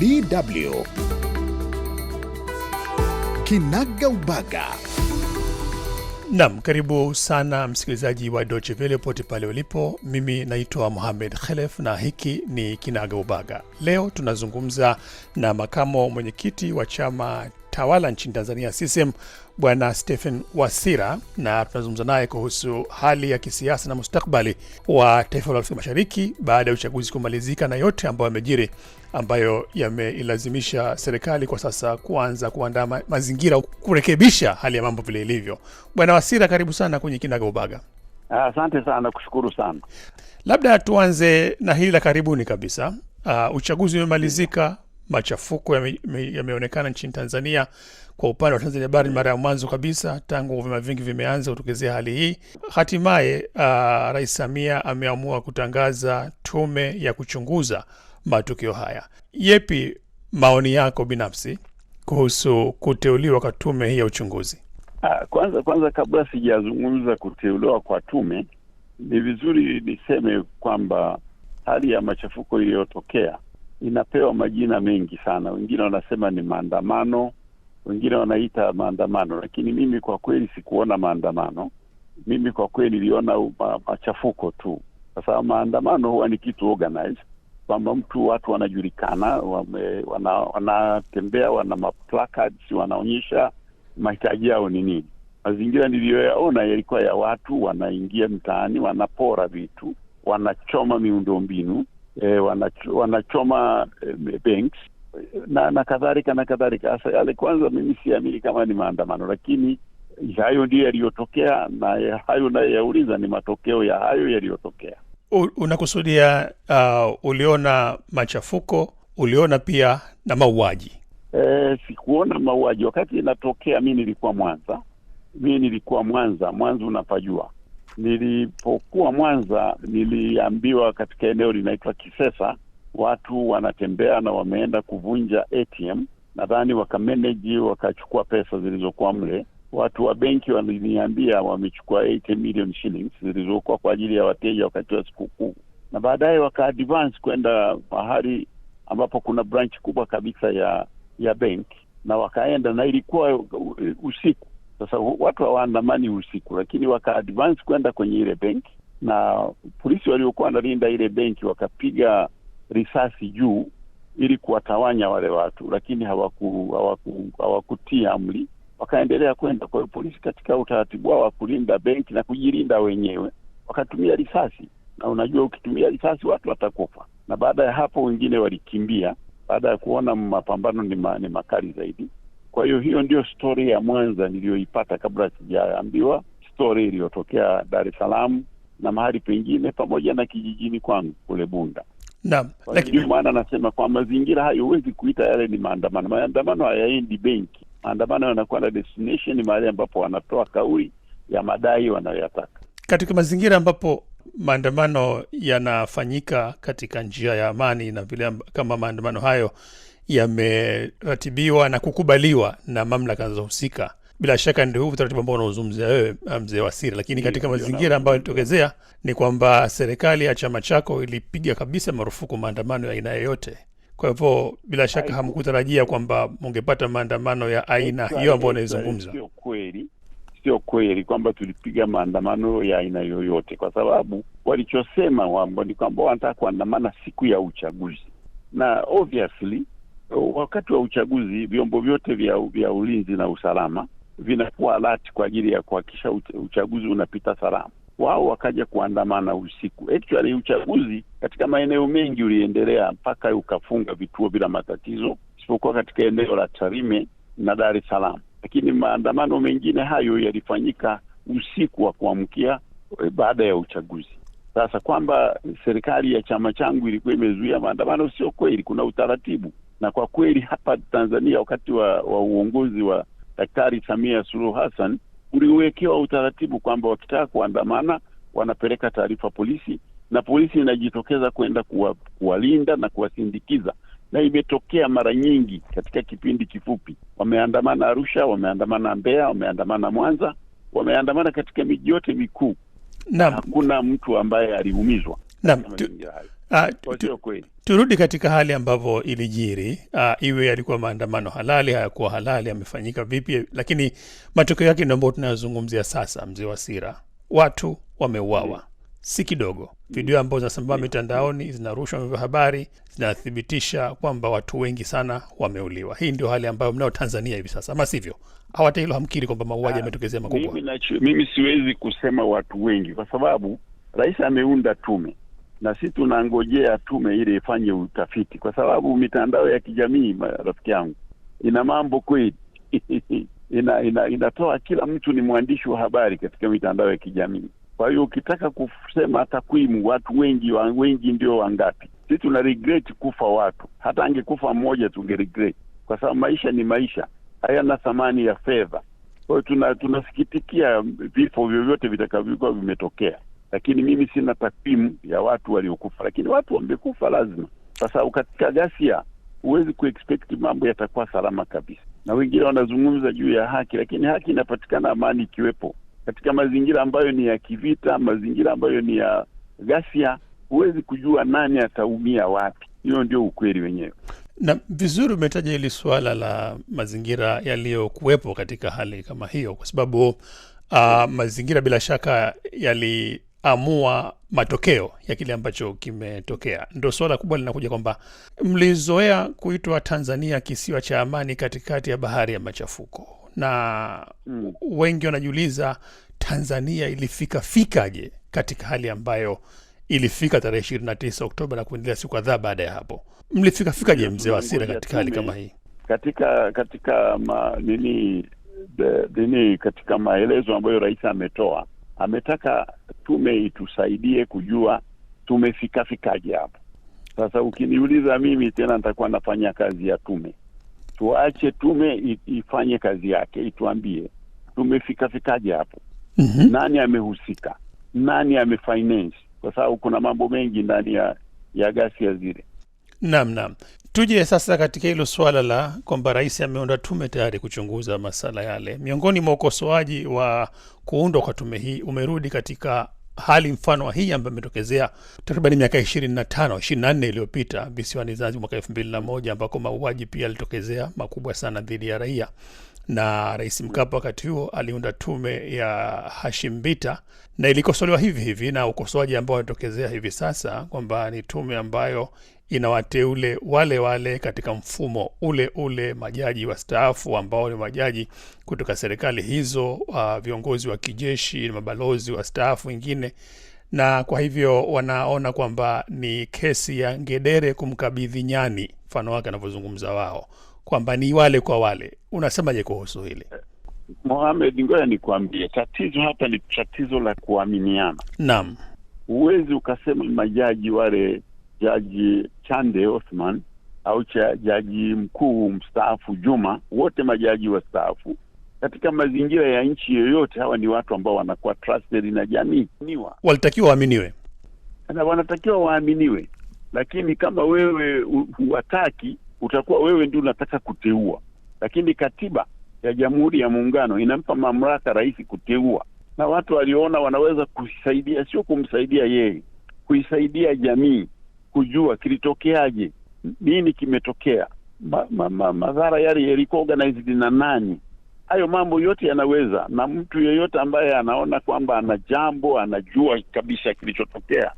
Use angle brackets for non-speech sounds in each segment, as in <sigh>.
DW Kinaga Ubaga. Naam, karibu sana msikilizaji wa Deutsche Welle pote pale ulipo. Mimi naitwa Mohamed Khelef na hiki ni Kinaga Ubaga. Leo tunazungumza na makamo mwenyekiti wa chama tawala nchini Tanzania CCM Bwana Stephen Wasira, na tunazungumza naye kuhusu hali ya kisiasa na mustakbali wa taifa la Afrika Mashariki baada ya uchaguzi kumalizika na yote ambayo yamejiri, ambayo yameilazimisha serikali kwa sasa kuanza kuandaa mazingira kurekebisha hali ya mambo vile ilivyo. Bwana Wasira, karibu sana kwenye Kinaga Ubaga. Asante uh, sana, kushukuru sana. Labda tuanze na hili la karibuni kabisa. Uh, uchaguzi umemalizika, machafuko yameonekana nchini Tanzania kwa upande wa Tanzania Bara mara ya mwanzo kabisa tangu vyama vingi vimeanza kutokezea hali hii. Hatimaye uh, Rais Samia ameamua kutangaza tume ya kuchunguza matukio haya. Yepi maoni yako binafsi kuhusu kuteuliwa kwa tume hii ya uchunguzi? Uh, kwanza kwanza kabla sijazungumza kuteuliwa kwa tume, ni vizuri niseme kwamba hali ya machafuko iliyotokea inapewa majina mengi sana. Wengine wanasema ni maandamano, wengine wanaita maandamano, lakini mimi kwa kweli sikuona maandamano. Mimi kwa kweli niliona machafuko tu, kwa sababu maandamano huwa ni kitu organized kwamba mtu watu wanajulikana, wanatembea, wana, wana placards, wanaonyesha mahitaji yao ni nini. Mazingira niliyoyaona yalikuwa ya watu wanaingia mtaani, wanapora vitu, wanachoma miundombinu e, wanachoma e, banks na na kadhalika na kadhalika. Hasa yale kwanza, mimi siamini kama ni maandamano, lakini hayo ndio yaliyotokea, na hayo naye yauliza ni matokeo ya hayo yaliyotokea. Unakusudia uh, uliona machafuko, uliona pia na mauaji? E, sikuona mauaji wakati inatokea. Mi nilikuwa Mwanza, mi nilikuwa Mwanza. Mwanza unapajua Nilipokuwa Mwanza, niliambiwa katika eneo linaitwa Kisesa watu wanatembea na wameenda kuvunja ATM, nadhani wakameneji wakachukua pesa zilizokuwa mle. Watu wa benki waliniambia wamechukua million shillings zilizokuwa kwa ajili ya wateja wakati wa sikukuu, na baadaye wakaadvance kwenda mahali ambapo kuna branch kubwa kabisa ya ya benki, na wakaenda na ilikuwa usiku sasa watu hawaandamani usiku, lakini advance kwenda kwenye ile benki, na polisi waliokuwa wanalinda ile benki wakapiga risasi juu ili kuwatawanya wale watu, lakini hawaku, hawaku, amri, wakaendelea kwenda. Kwa hiyo polisi katika utaratibu wao wa kulinda benki na kujilinda wenyewe wakatumia risasi, na unajua ukitumia risasi watu watakufa. Na baada ya hapo wengine walikimbia baada ya kuona mapambano ni, ma, ni makali zaidi kwa hiyo hiyo ndio stori ya Mwanza niliyoipata kabla sijaambiwa stori iliyotokea Dar es Salaam na mahali pengine pamoja na kijijini kwangu kule Bunda. ndio maana anasema kwa mazingira hayo huwezi kuita yale ni maandamano. Maandamano hayaendi benki, maandamano yanakuwa na destination, mahali ambapo wanatoa kauli ya madai wanayoyataka katika mazingira ambapo maandamano yanafanyika katika njia ya amani na vile kama maandamano hayo yameratibiwa na kukubaliwa na mamlaka zinazohusika. Bila shaka ndio huu utaratibu ambao unaozungumzia wewe uh, mzee wasiri lakini katika mazingira ambayo alitokezea ni kwamba serikali ya chama chako ilipiga kabisa marufuku maandamano ya aina yoyote. Kwa hivyo bila shaka hamkutarajia kwamba mungepata maandamano ya aina hiyo ambayo unaizungumza. Sio kweli, sio kweli kwamba tulipiga maandamano ya aina yoyote, kwa sababu walichosema wambo ni kwamba wanataka kuandamana siku ya uchaguzi, na obviously Wakati wa uchaguzi vyombo vyote vya, vya ulinzi na usalama vinakuwa alati kwa ajili ya kuhakikisha uchaguzi unapita salama. Wao wakaja kuandamana usiku. Actually, uchaguzi katika maeneo mengi uliendelea mpaka ukafunga vituo bila matatizo, isipokuwa katika eneo la Tarime na Dar es Salaam, lakini maandamano mengine hayo yalifanyika usiku wa kuamkia eh, baada ya uchaguzi. Sasa kwamba serikali ya chama changu ilikuwa imezuia maandamano sio kweli, kuna utaratibu na kwa kweli hapa Tanzania wakati wa, wa uongozi wa Daktari Samia Suluhu Hassan uliwekewa utaratibu kwamba wakitaka kuandamana wanapeleka taarifa polisi na polisi inajitokeza kwenda kuwa, kuwalinda na kuwasindikiza, na imetokea mara nyingi katika kipindi kifupi. Wameandamana Arusha, wameandamana Mbeya, wameandamana Mwanza, wameandamana katika miji yote mikuu. hakuna mtu ambaye aliumizwa. Naam. Ah, turudi katika hali ambavyo ilijiri. Uh, iwe yalikuwa maandamano halali hayakuwa halali, yamefanyika vipi, lakini matokeo yake ndio ambao tunayozungumzia sasa. Mzee Wasira, watu wameuawa mm. si kidogo. Mm. Video ambao zinasambaa mm. mitandaoni zinarushwa vyo vya habari zinathibitisha kwamba watu wengi sana wameuliwa. Hii ndio hali ambayo mnao Tanzania hivi sasa, ama sivyo? Au hata hilo hamkiri kwamba mauaji ah, yametokezea makubwa? Mimi siwezi kusema watu wengi, kwa sababu rais ameunda tume na si tunangojea tume ile ifanye utafiti, kwa sababu mitandao ya kijamii, rafiki yangu, ina mambo kweli <laughs> ina, ina, inatoa kila mtu ni mwandishi wa habari katika mitandao ya kijamii. Kwa hiyo ukitaka kusema takwimu, watu wengi wa, wengi ndio wangapi? Si tuna regret kufa watu, hata angekufa mmoja tunge regret, kwa sababu maisha ni maisha, hayana thamani ya fedha. Kwa tunasikitikia tuna, tunasikitikia vifo vyovyote vitakavyokuwa vimetokea lakini mimi sina takwimu ya watu waliokufa, lakini watu wamekufa lazima. Sasa katika ghasia huwezi kuexpect mambo yatakuwa salama kabisa, na wengine wanazungumza juu ya haki, lakini haki inapatikana amani ikiwepo katika mazingira ambayo ni ya kivita, mazingira ambayo ni ya ghasia. Huwezi kujua nani ataumia wapi. Hiyo ndio ukweli wenyewe. Na vizuri umetaja hili suala la mazingira yaliyokuwepo katika hali kama hiyo, kwa sababu uh, mazingira bila shaka yali amua matokeo ya kile ambacho kimetokea. Ndo suala kubwa linakuja kwamba mlizoea kuitwa Tanzania kisiwa cha amani katikati ya bahari ya machafuko, na mm. wengi wanajiuliza Tanzania ilifika fikaje katika hali ambayo ilifika tarehe ishirini na tisa Oktoba na kuendelea siku kadhaa baada ya hapo. Mlifika fikaje, mzee wa Asira, katika hali kama hii? Katika katika ma, nini, de, nini katika maelezo ambayo rais ametoa ametaka tume itusaidie kujua tumefika hapo. Sasa ukiniuliza mimi tena, nitakuwa nafanya kazi ya tume. Tuache tume ifanye kazi yake, ituambie tumefika hapo. mm -hmm. Nani amehusika, nani amefinance, kwa sababu kuna mambo mengi ndani ya ya ghasia zile. Naam, naam. Tuje sasa katika hilo swala la kwamba rais ameunda tume tayari kuchunguza masala yale. Miongoni mwa ukosoaji wa kuundwa kwa tume hii umerudi katika hali mfano wa hii ambayo imetokezea takriban miaka ishirini na tano ishirini na nne iliyopita visiwani Zanzibar mwaka elfu mbili na moja ambako mauaji pia yalitokezea makubwa sana dhidi ya raia na Rais Mkapa wakati huo aliunda tume ya Hashimbita na ilikosolewa hivi hivi, na ukosoaji ambao wametokezea hivi sasa kwamba ni tume ambayo inawateule wale wale katika mfumo ule ule majaji wastaafu ambao ni majaji kutoka serikali hizo, uh, viongozi wa kijeshi na mabalozi wastaafu wengine, na kwa hivyo wanaona kwamba ni kesi ya ngedere kumkabidhi nyani, mfano wake anavyozungumza wao kwamba ni wale kwa wale. Unasemaje kuhusu hili Mohamed? ngoya nikuambie tatizo hapa ni tatizo la kuaminiana. Naam, huwezi ukasema majaji wale, jaji Chande Othman au cha jaji mkuu mstaafu Juma, wote majaji wastaafu katika mazingira ya nchi yoyote, hawa ni watu ambao wanakuwa trusted na jamii, walitakiwa waaminiwe wanatakiwa waaminiwe, lakini kama wewe huwataki utakuwa wewe ndio unataka kuteua, lakini katiba ya Jamhuri ya Muungano inampa mamlaka rais kuteua, na watu waliona wanaweza kusaidia, sio kumsaidia yeye, kuisaidia jamii kujua kilitokeaje, nini kimetokea, ma, ma, ma, madhara yale yalikuwa organized na nani. Hayo mambo yote yanaweza, na mtu yeyote ambaye anaona kwamba ana jambo anajua kabisa kilichotokea,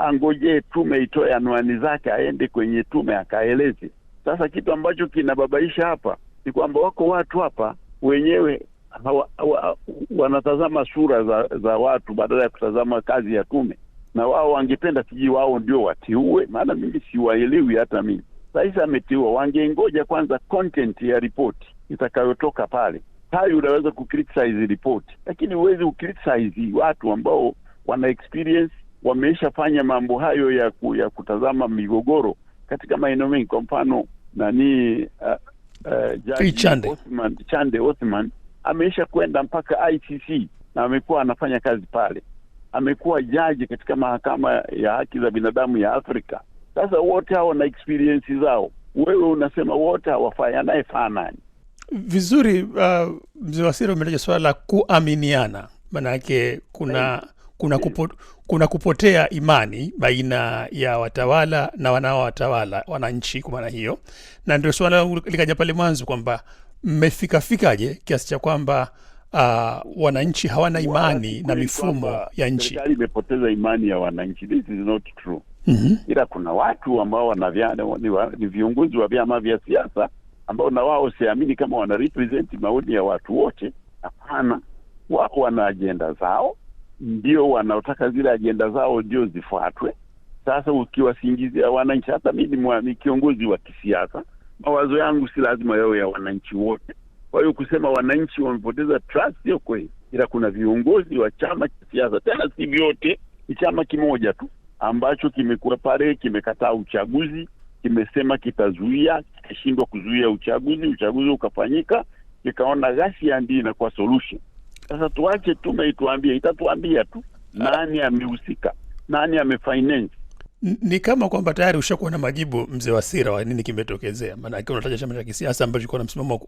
angojee tume itoe anwani zake, aende kwenye tume akaeleze sasa kitu ambacho kinababaisha hapa ni kwamba wako watu hapa wenyewe hawa, hawa, wanatazama sura za, za watu badala ya kutazama kazi ya tume, na wao wangependa sijui wao ndio wateue, maana mimi siwaelewi hata mimi. Rais ametiua, wangengoja kwanza content ya ripoti itakayotoka pale. Hayo unaweza kucriticize ripoti, lakini huwezi ucriticize watu ambao wana experience, wameishafanya mambo hayo ya, ku, ya kutazama migogoro katika maeneo mengi, kwa mfano nani uh, uh, Chande Osman, Chande Osman ameisha kwenda mpaka ICC na amekuwa anafanya kazi pale, amekuwa jaji katika mahakama ya haki za binadamu ya Afrika. Sasa wote hao na experience zao, wewe unasema wote hawafai, anayefanani vizuri? Uh, mzee wasiri umetaja swala la kuaminiana, maanake kuna Hai kuna, kupo, kuna kupotea imani baina ya watawala na wanaowatawala wananchi, kwa maana hiyo, na ndio suala likaja pale mwanzo kwamba mmefikafikaje kiasi cha kwamba uh, wananchi hawana imani na mifumo ya nchi. Serikali imepoteza imani ya wananchi, this is not true. Mm-hmm. Ila kuna watu ambao wana ni, ni viongozi wa vyama vya siasa ambao na wao siamini kama represent maoni ya watu wote. Hapana, wao wana ajenda zao ndio wanaotaka zile ajenda zao ndio zifuatwe. Sasa ukiwasingizia wananchi, hata mi ni kiongozi wa kisiasa, mawazo yangu si lazima yao ya wananchi wote. Kwa hiyo kusema wananchi wamepoteza trust sio kweli, ila kuna viongozi wa chama cha siasa, tena si vyote, ni chama kimoja tu ambacho kimekuwa pale, kimekataa uchaguzi, kimesema kitazuia, kikashindwa kuzuia uchaguzi, uchaguzi ukafanyika, kikaona ghasia ndio inakuwa solution sasa tuache tume ituambie, itatuambia tu nani amehusika, nani amefinance. Ni kama kwamba tayari ushakuwa na majibu, mzee Wasira, wa nini kimetokezea. Maanake unataja chama cha kisiasa ambacho kilikuwa na msimamo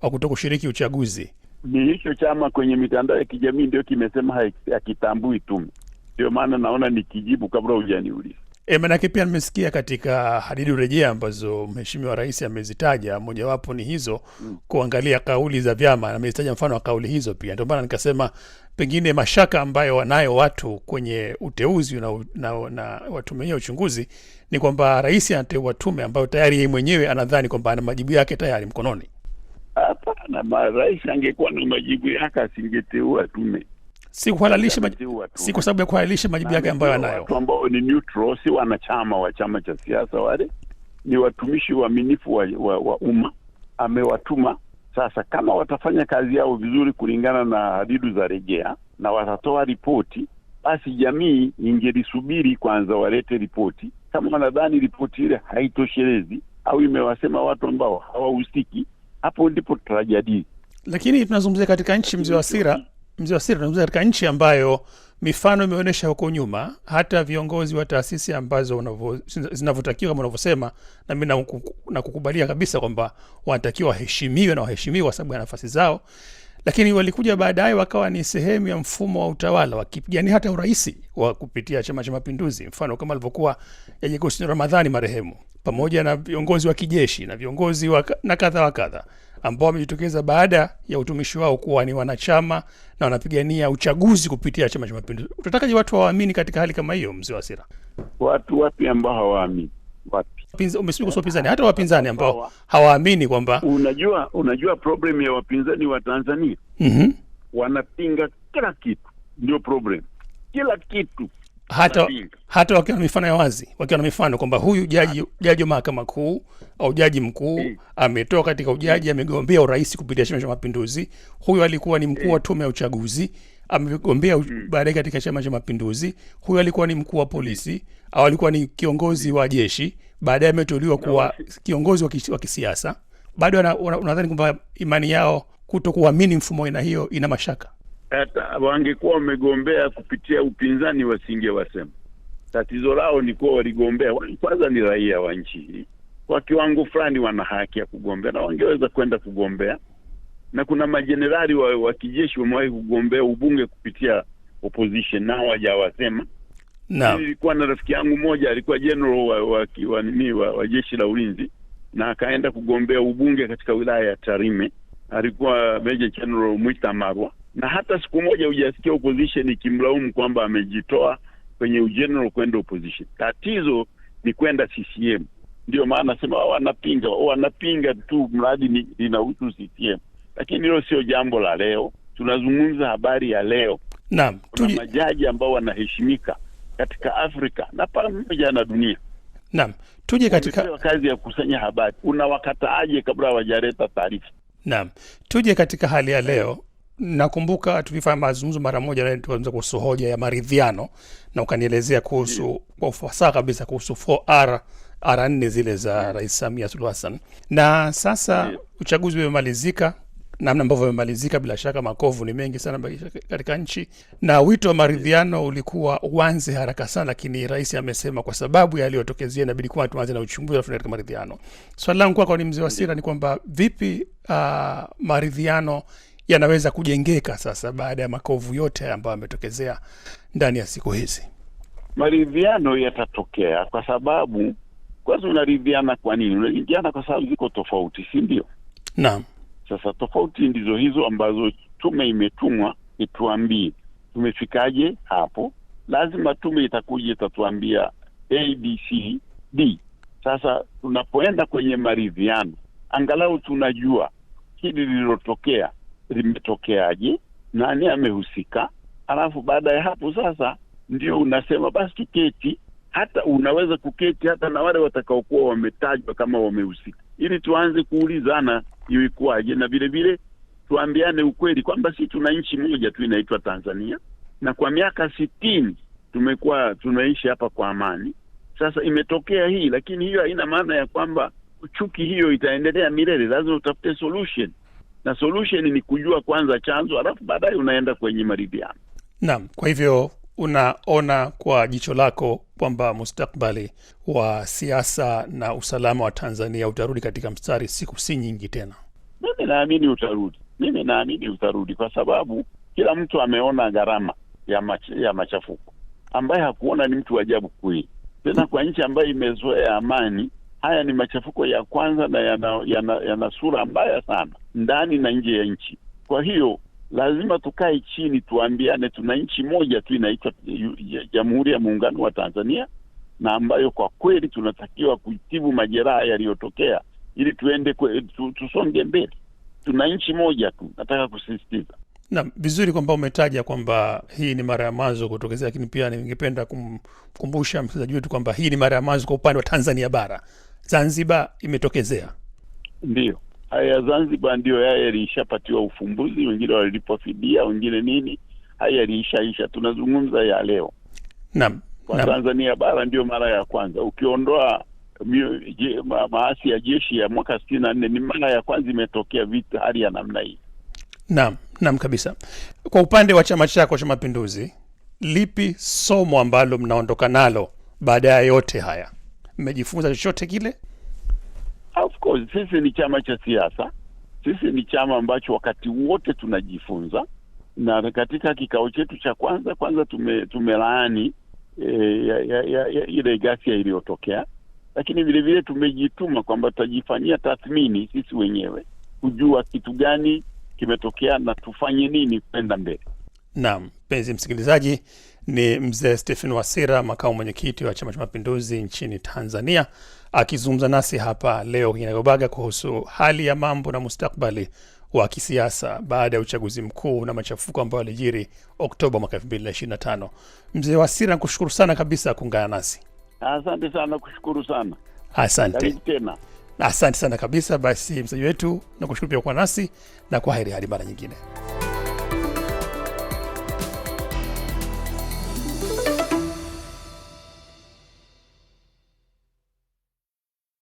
wa kutokushiriki uchaguzi. Ni hicho chama kwenye mitandao ya kijamii ndio kimesema hakitambui tume. Ndio maana naona nikijibu kabla hujaniuliza. E, eh, manake pia nimesikia katika hadidu rejea ambazo Mheshimiwa Rais amezitaja, mojawapo ni hizo mm, kuangalia kauli za vyama, amezitaja mfano wa kauli hizo pia. Ndio maana nikasema pengine mashaka ambayo wanayo watu kwenye uteuzi na, na, na watume wenyewe uchunguzi ni kwamba rais anateua tume ambayo tayari yeye mwenyewe anadhani kwamba ana majibu yake tayari mkononi. Hapana, rais angekuwa na majibu yake asingeteua tume si kuhalalisha maj... si kwa sababu ya kuhalalisha majibu yake ambayo anayo. Watu ambao ni neutral, si wanachama wa chama cha siasa, wale ni watumishi waaminifu wa, wa, wa umma amewatuma. Sasa kama watafanya kazi yao vizuri kulingana na hadidu za rejea na watatoa ripoti, basi jamii ingelisubiri kwanza walete ripoti. Kama wanadhani ripoti ile haitoshelezi au imewasema watu ambao hawahusiki, hapo ndipo tutajadili. Lakini tunazungumzia katika nchi, mzee Wasira mzee wa siri anazungumza katika nchi ambayo mifano imeonyesha huko nyuma, hata viongozi wa taasisi ambazo zinavyotakiwa kama unavyosema, na mimi nakukubalia kabisa kwamba wanatakiwa waheshimiwe na waheshimiwa kwa sababu ya nafasi zao, lakini walikuja baadaye wakawa ni sehemu ya mfumo wa utawala wakipigania hata urahisi wa kupitia Chama cha Mapinduzi, mfano kama alivyokuwa Jaji Ramadhani marehemu, pamoja na viongozi wa kijeshi na viongozi wa na kadha wa kadha ambao wamejitokeza baada ya utumishi wao kuwa ni wanachama na wanapigania uchaguzi kupitia Chama cha Mapinduzi. Tunatakaje watu hawaamini katika hali kama hiyo, mzee Wasira? Watu wapi ambao hawaamini? Wapi wapinzani, hata wapinzani ambao hawaamini kwamba, unajua unajua problem ya wapinzani wa Tanzania mm -hmm. wanapinga kila kitu, ndio problem, kila kitu hata, hata wakiwa na mifano ya wazi, wakiwa na mifano kwamba huyu jaji ah. jaji wa mahakama kuu au jaji mkuu ametoka katika ujaji, amegombea urais kupitia Chama cha Mapinduzi, huyu alikuwa ni mkuu wa tume ya uchaguzi amegombea baadaye katika Chama cha Mapinduzi, huyu alikuwa ni mkuu wa polisi au alikuwa ni kiongozi wa jeshi, baadaye ameteuliwa kuwa kiongozi wa kisiasa, bado unadhani kwamba imani yao kuto kuamini mfumo aina hiyo ina mashaka hata wangekuwa wamegombea kupitia upinzani wasingewasema. Tatizo lao ni kuwa waligombea, kwanza ni raia wa nchi hii, kwa kiwango fulani wana haki ya kugombea na wangeweza kwenda kugombea, na kuna majenerali wa, wa kijeshi wamewahi kugombea ubunge kupitia opposition, nao hajawasema no. Ilikuwa na rafiki yangu mmoja alikuwa general wa, wa, wa, wa, wa jeshi la ulinzi na akaenda kugombea ubunge katika wilaya ya Tarime, alikuwa Meja General Mwita Marwa na hata siku moja hujasikia opposition ikimlaumu kwamba amejitoa kwenye ugeneral kwenda opposition. Tatizo ni kwenda CCM. Ndio maana nasema wanapinga wanapinga tu mradi linahusu CCM, lakini hilo sio jambo la leo. Tunazungumza habari ya leo. Naam, tuli... majaji ambao wanaheshimika katika Afrika na pamoja na dunia. Naam, tuje katika kazi ya kukusanya habari, unawakataaje kabla hawajaleta taarifa? Naam, tuje katika hali ya leo nakumbuka tulifanya mazungumzo mara moja na tukaanza kuhusu hoja ya maridhiano na ukanielezea kuhusu kwa ufasaha kabisa kuhusu 4R R nne zile za Rais Samia Suluhu Hassan. Na sasa uchaguzi umemalizika, namna ambavyo umemalizika, bila shaka makovu ni mengi sana katika nchi, na wito wa maridhiano ulikuwa uanze haraka sana, lakini rais amesema kwa sababu yaliyotokezea inabidi kwa tuanze na uchunguzi alafu katika maridhiano. Swali langu kwako ni mzee Wasira, ni kwamba vipi uh, maridhiano yanaweza kujengeka sasa baada ya makovu yote ambayo yametokezea ndani ya siku hizi? Maridhiano yatatokea kwa sababu kwanza, unaridhiana kwa nini? Unaridhiana kwa sababu ziko tofauti, si ndio? Naam. Sasa tofauti ndizo hizo ambazo tume imetumwa ituambie tumefikaje hapo. Lazima tume itakuja itatuambia abcd. Sasa tunapoenda kwenye maridhiano, angalau tunajua hili lililotokea limetokeaje, nani amehusika, alafu baada ya hapo sasa ndio unasema basi tuketi. Hata unaweza kuketi hata na wale watakaokuwa wametajwa kama wamehusika, ili tuanze kuulizana ilikuwaje, na vilevile tuambiane ukweli kwamba si tuna nchi moja tu inaitwa Tanzania, na kwa miaka sitini tumekuwa tunaishi hapa kwa amani. Sasa imetokea hii, lakini hiyo haina maana ya kwamba chuki hiyo itaendelea milele. Lazima utafute solution na solution ni kujua kwanza chanzo, alafu baadaye unaenda kwenye maridhiano. Naam, kwa hivyo unaona kwa jicho lako kwamba mustakbali wa siasa na usalama wa Tanzania utarudi katika mstari siku si nyingi tena? Mimi naamini utarudi, mimi naamini utarudi kwa sababu kila mtu ameona gharama ya mach, ya machafuko. Ambaye hakuona ni mtu ajabu kweli, tena kwa nchi ambayo imezoea amani haya ni machafuko ya kwanza na yana, yana, yana sura mbaya sana ndani na nje ya nchi. Kwa hiyo lazima tukae chini tuambiane, tuna nchi moja tu inaitwa Jamhuri ya Muungano wa Tanzania, na ambayo kwa kweli tunatakiwa kuitibu majeraha yaliyotokea ili tuende kwe, tu, tusonge mbele. Tuna nchi moja tu, nataka kusisitiza. nam vizuri kwamba umetaja kwamba hii ni mara ya mwanzo kutokezea, lakini pia ningependa kumkumbusha msikilizaji wetu kwamba hii ni mara ya mwanzo kwa upande wa Tanzania bara. Zanzibar imetokezea. Ndiyo, haya Zanzibar ndiyo yaye yalishapatiwa ufumbuzi, wengine walilipwa fidia, wengine nini, haya yaliishaisha. Tunazungumza ya leo. Naam, kwa Tanzania bara ndiyo mara ya kwanza ukiondoa maasi ya jeshi ya mwaka sitini na nne ni mara ya kwanza imetokea vita hali ya namna hii. Naam, naam kabisa. Kwa upande wa chama chako cha Mapinduzi, lipi somo ambalo mnaondoka nalo baada ya yote haya? mmejifunza chochote kile? Of course, sisi ni chama cha siasa, sisi ni chama ambacho wakati wote tunajifunza, na katika kikao chetu cha kwanza kwanza tume, tumelaani e, ya, ya, ya, ya, ile gasia iliyotokea, lakini vilevile tumejituma kwamba tutajifanyia tathmini sisi wenyewe kujua kitu gani kimetokea na tufanye nini kwenda mbele. Naam, mpenzi msikilizaji ni mzee Stephen Wasira, makamu mwenyekiti wa Chama cha Mapinduzi nchini Tanzania, akizungumza nasi hapa leo kinagaubaga kuhusu hali ya mambo na mustakbali wa kisiasa baada ya uchaguzi mkuu na machafuko ambayo alijiri Oktoba mwaka 2025. Mzee Wasira, nakushukuru sana kabisa kuungana nasi. Asante sana, kushukuru sana. Asante tena. Asante sana kabisa. Basi msaji wetu, nakushukuru pia kwa nasi na kwa heri hadi mara nyingine.